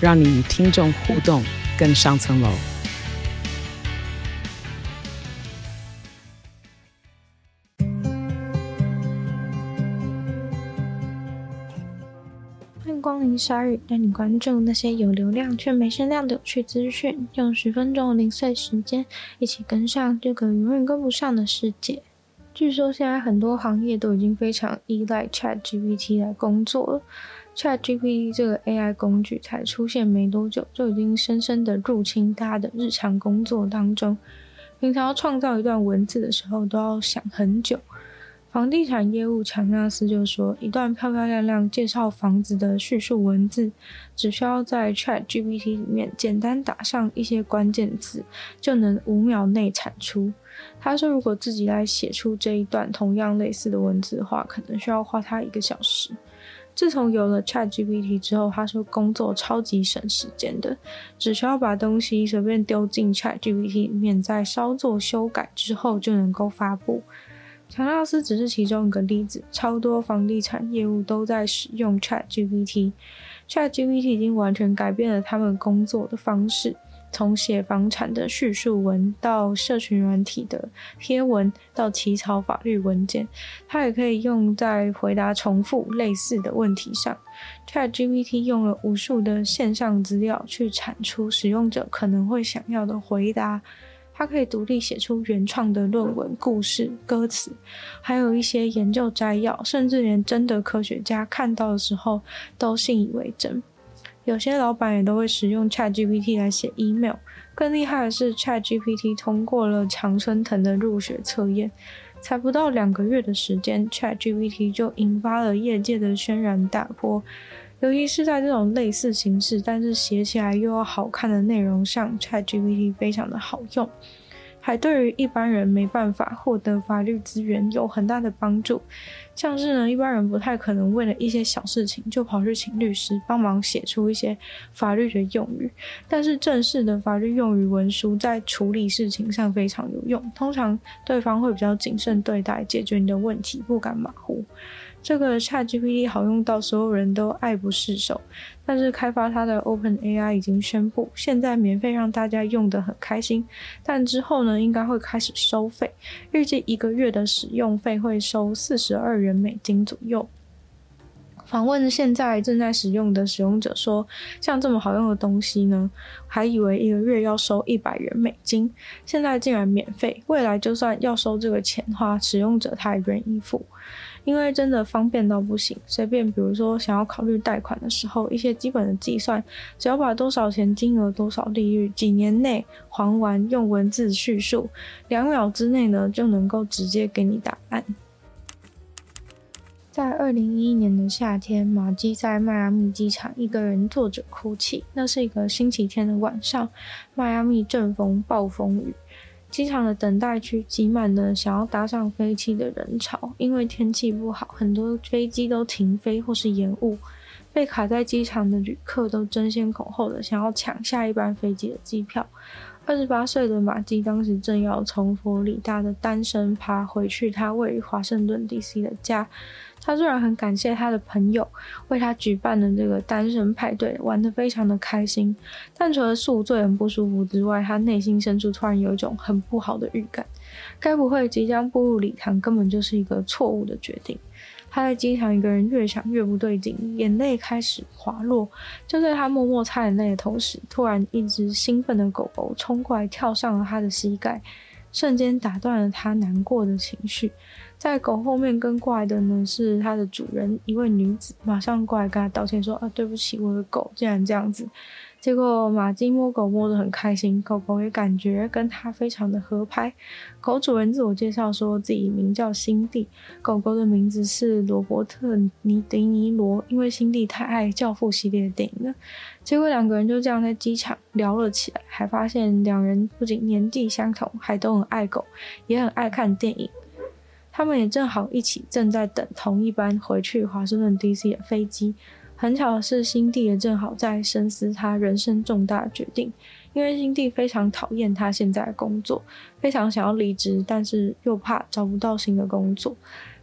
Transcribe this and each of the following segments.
讓你與聽眾互動更上層樓。歡迎光臨鯊語，帶你關注那些有流量卻沒聲量的有趣資訊，用十分鐘的零碎時間，一起跟上這個永遠跟不上的世界。據說現在很多行業都已經非常依賴 ChatGPT 來工作了。ChatGPT 這個 AI 工具才出現沒多久，就已經深深的入侵他的日常工作當中。平常要創造一段文字的時候，都要想很久。房地產業務強納斯就說，一段漂漂亮亮介紹房子的敘述文字，只需要在 ChatGPT 裡面簡單打上一些關鍵字，就能五秒內產出。他說，如果自己來寫出這一段同樣類似的文字的話，可能需要花他一個小時。自從有了 ChatGPT 之後，他說工作超級省時間的，只需要把東西隨便丟進 ChatGPT 裡面，再稍作修改之後就能夠發布。喬納斯只是其中一個例子，超多房地產業務都在使用 ChatGPT，ChatGPT 已經完全改變了他們工作的方式。從寫房產的敘述文，到社群軟體的貼文，到起草法律文件，它也可以用在回答重複類似的問題上。ChatGPT 用了無數的線上資料去產出使用者可能會想要的回答，它可以獨立寫出原創的論文、故事、歌詞，還有一些研究摘要，甚至連真的科學家看到的時候都信以為真。有些老闆也都會使用 ChatGPT 來寫 email。更厲害的是，ChatGPT 通過了常春藤的入學測驗。才不到兩個月的時間，ChatGPT 就引發了業界的軒然大波。尤其是在這種類似形式，但是寫起來又要好看的內容上，ChatGPT 非常的好用。還對於一般人沒辦法獲得法律資源有很大的幫助，像是呢，一般人不太可能為了一些小事情就跑去請律師幫忙寫出一些法律的用語，但是正式的法律用語文書在處理事情上非常有用，通常對方會比較謹慎對待，解決你的問題不敢馬虎。這個 ChatGPT 好用到所有人都愛不釋手，但是開發它的 OpenAI 已經宣布，現在免費讓大家用得很開心，但之後呢，應該會開始收費，預計一個月的使用費會收四十二元美金左右。訪問現在正在使用的使用者說，像這麼好用的東西呢，還以為一個月要收一百元美金，現在竟然免費，未來就算要收這個錢的話，使用者他也願意付。因為真的方便到不行，隨便比如說想要考慮貸款的時候，一些基本的計算，只要把多少錢、金額多少、利率、幾年內還完，用文字敘述，兩秒之內呢就能夠直接給你答案。在二零一一年的夏天，馬基在邁阿密機場一個人坐着哭泣。那是一個星期天的晚上，邁阿密正逢暴風雨。機場的等待區擠滿了想要搭上飛機的人潮，因為天氣不好，很多飛機都停飛或是延誤，被卡在機場的旅客都爭先恐後的想要搶下一班飛機的機票。二十八歲的馬基當時正要從佛里達的單身趴回去，他位於華盛頓 D.C. 的家。他雖然很感謝他的朋友為他舉辦的這個單身派對，玩得非常的開心，但除了宿醉很不舒服之外，他內心深處突然有一種很不好的預感：該不會即將步入禮堂根本就是一個錯誤的決定？他在機場一個人越想越不對勁，眼淚開始滑落。就在他默默擦眼淚的同時，突然一隻興奮的狗狗衝過來，跳上了他的膝蓋，瞬間打斷了他難過的情緒。在狗後面跟過來的呢，是它的主人一位女子，馬上過來跟他道歉說：“啊，對不起，我的狗竟然這樣子。”結果馬金摸狗摸得很開心，狗狗也感覺跟他非常的合拍。狗主人自我介紹說自己名叫辛蒂，狗狗的名字是羅伯特尼迪尼羅，因為辛蒂太愛《教父》系列的電影了。結果兩個人就這樣在機場聊了起來，還發現兩人不僅年紀相同，還都很愛狗，也很愛看電影。他們也正好一起正在等同一班回去華盛頓 D.C. 的飛機。很巧的是，辛蒂也正好在深思他人生重大的決定，因為辛蒂非常討厭他現在的工作，非常想要離職，但是又怕找不到新的工作。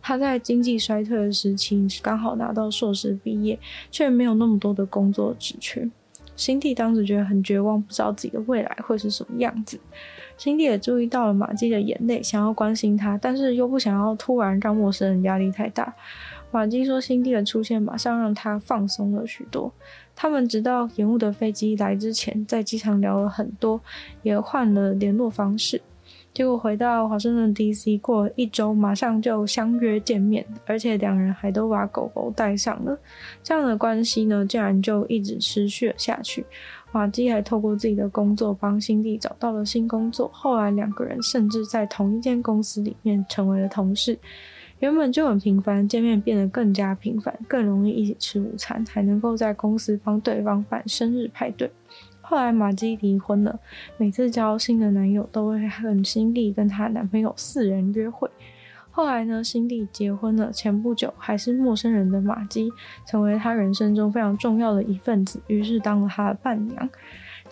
他在經濟衰退的時期剛好拿到碩士畢業，卻沒有那麼多的工作職缺。辛蒂當時覺得很絕望，不知道自己的未來會是什麼樣子。辛蒂也注意到了馬基的眼淚，想要關心他，但是又不想要突然讓陌生人壓力太大。馬基說，辛蒂的出現馬上讓他放鬆了許多。他們直到延誤的飛機來之前，在機場聊了很多，也換了聯絡方式。結果回到華盛頓 DC，過了一周馬上就相約見面，而且兩人還都把狗狗帶上了。這樣的關係呢，竟然就一直持續了下去。馬基還透過自己的工作幫辛蒂找到了新工作，後來兩個人甚至在同一間公司裡面成為了同事。原本就很頻繁的見面變得更加頻繁，更容易一起吃午餐，還能夠在公司幫對方辦生日派對。後來馬基離婚了，每次交新的男友都會和辛蒂跟她男朋友四人約會。後來呢，辛迪結婚了。前不久還是陌生人的瑪姬，成為他人生中非常重要的一份子，於是當了他的伴娘。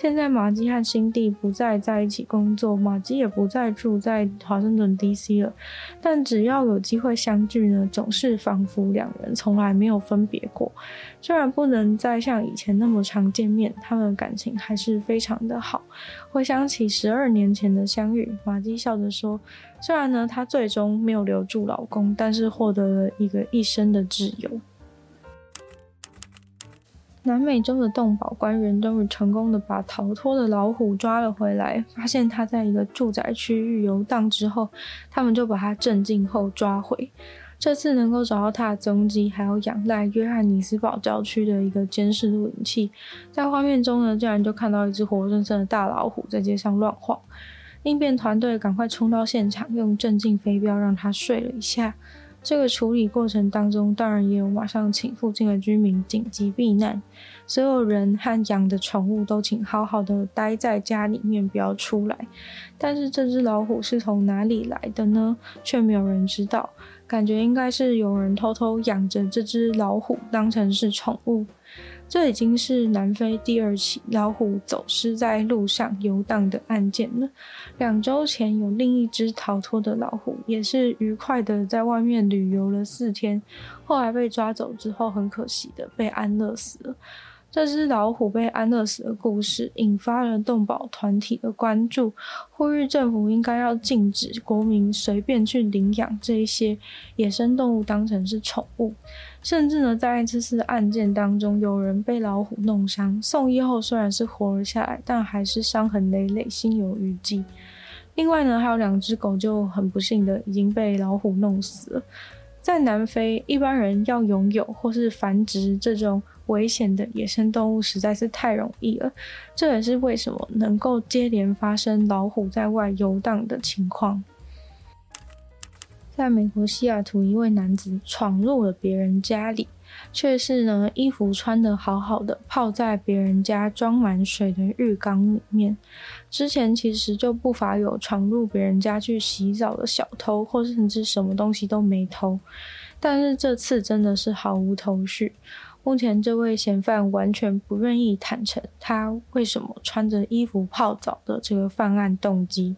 現在馬基和辛蒂不再在一起工作，馬基也不再住在華盛頓 DC 了。但只要有機會相聚呢，總是仿佛兩人從來沒有分別過。雖然不能再像以前那麼常見面，他們的感情還是非常的好。回想起十二年前的相遇，馬基笑着說：“雖然呢，她最終沒有留住老公，但是獲得了一個一生的摯友。”南美洲的動保官員終於成功的把逃脫的老虎抓了回來。發現它在一個住宅區域遊蕩之後，他們就把它鎮靜後抓回。這次能夠找到它的蹤跡，還有仰賴約翰尼斯堡郊區的一個監視錄影器。在畫面中呢，竟然就看到一隻活生生的大老虎在街上亂晃。應變團隊趕快衝到現場，用鎮靜飛鏢讓它睡了一下。這個處理過程當中，當然也有馬上請附近的居民緊急避難，所有人和養的寵物都請好好的待在家裡面，不要出來。但是這隻老虎是從哪裡來的呢？卻沒有人知道，感覺應該是有人偷偷養着這隻老虎，當成是寵物。這已經是南非第二起老虎走失在路上遊蕩的案件了。兩週前，有另一隻逃脫的老虎，也是愉快的在外面旅遊了四天，後來被抓走之後，很可惜的被安樂死了。這隻老虎被安樂死的故事，引發了動保團體的關注，呼籲政府應該要禁止國民隨便去領養這一些野生動物當成是寵物。甚至呢，在這次案件當中，有人被老虎弄傷，送醫後雖然是活了下來，但還是傷痕累累，心有餘悸。另外呢，還有兩隻狗就很不幸的已經被老虎弄死了。在南非，一般人要擁有或是繁殖這種，危險的野生動物實在是太容易了，這也是為什麼能夠接連發生老虎在外遊蕩的情況。在美國西雅圖，一位男子闖入了別人家裡，卻是呢衣服穿得好好的，泡在別人家裝滿水的浴缸裡面。之前其實就不乏有闖入別人家去洗澡的小偷，或甚至什麼東西都沒偷，但是這次真的是毫無頭緒。目前，這位嫌犯完全不願意坦承他為什麼穿着衣服泡澡的這個犯案動機。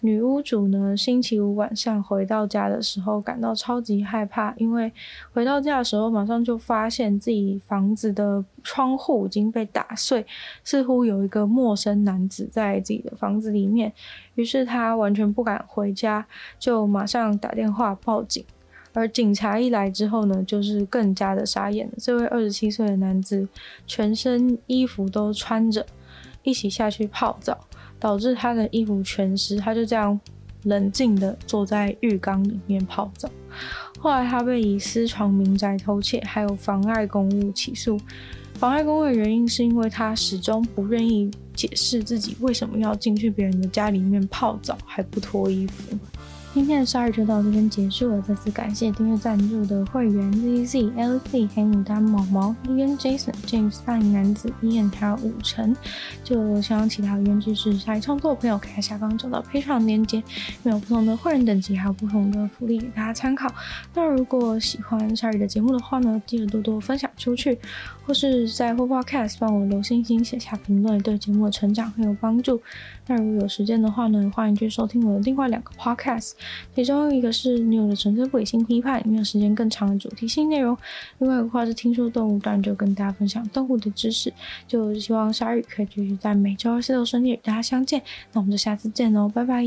女屋主呢，星期五晚上回到家的時候，感到超級害怕，因為回到家的時候，馬上就發現自己房子的窗戶已經被打碎，似乎有一個陌生男子在自己的房子裡面。於是他完全不敢回家，就馬上打電話報警。而警察一來之後呢，就是更加的傻眼了。這位二十七歲的男子，全身衣服都穿着，一起下去泡澡，導致他的衣服全濕。他就這樣冷靜地坐在浴缸裡面泡澡。後來他被以私闖民宅、偷竊，還有妨礙公務起訴。妨礙公務的原因是因為他始終不願意解釋自己為什麼要進去別人的家裡面泡澡，還不脫衣服。今天的鯊魚就到這邊結束了。再次感謝訂閱、贊助的會員 ZZLC 黑牡丹毛毛、E N Jason James 三男子、e. N T 條五成。就下方其他是 s 支持、鯊魚創作的朋友，可以在下方找到 Patreon 連結。因為有不同的會員等級，還有不同的福利給大家參考。那如果喜歡鯊魚的節目的話呢，記得多多分享出去，或是在 Podcast 幫我留星星、寫下評論，對節目的成長很有幫助。那如果有時間的話呢，歡迎去收聽我的另外兩個 podcast。其中一個是女友的純粹不理性批判，沒有時間更長的主題性內容；另外一個話是聽說動物段，就跟大家分享動物的知識，就希望鯊魚可以繼續在每週二四、六順利與大家相見。那我們就下次見嘍，拜拜。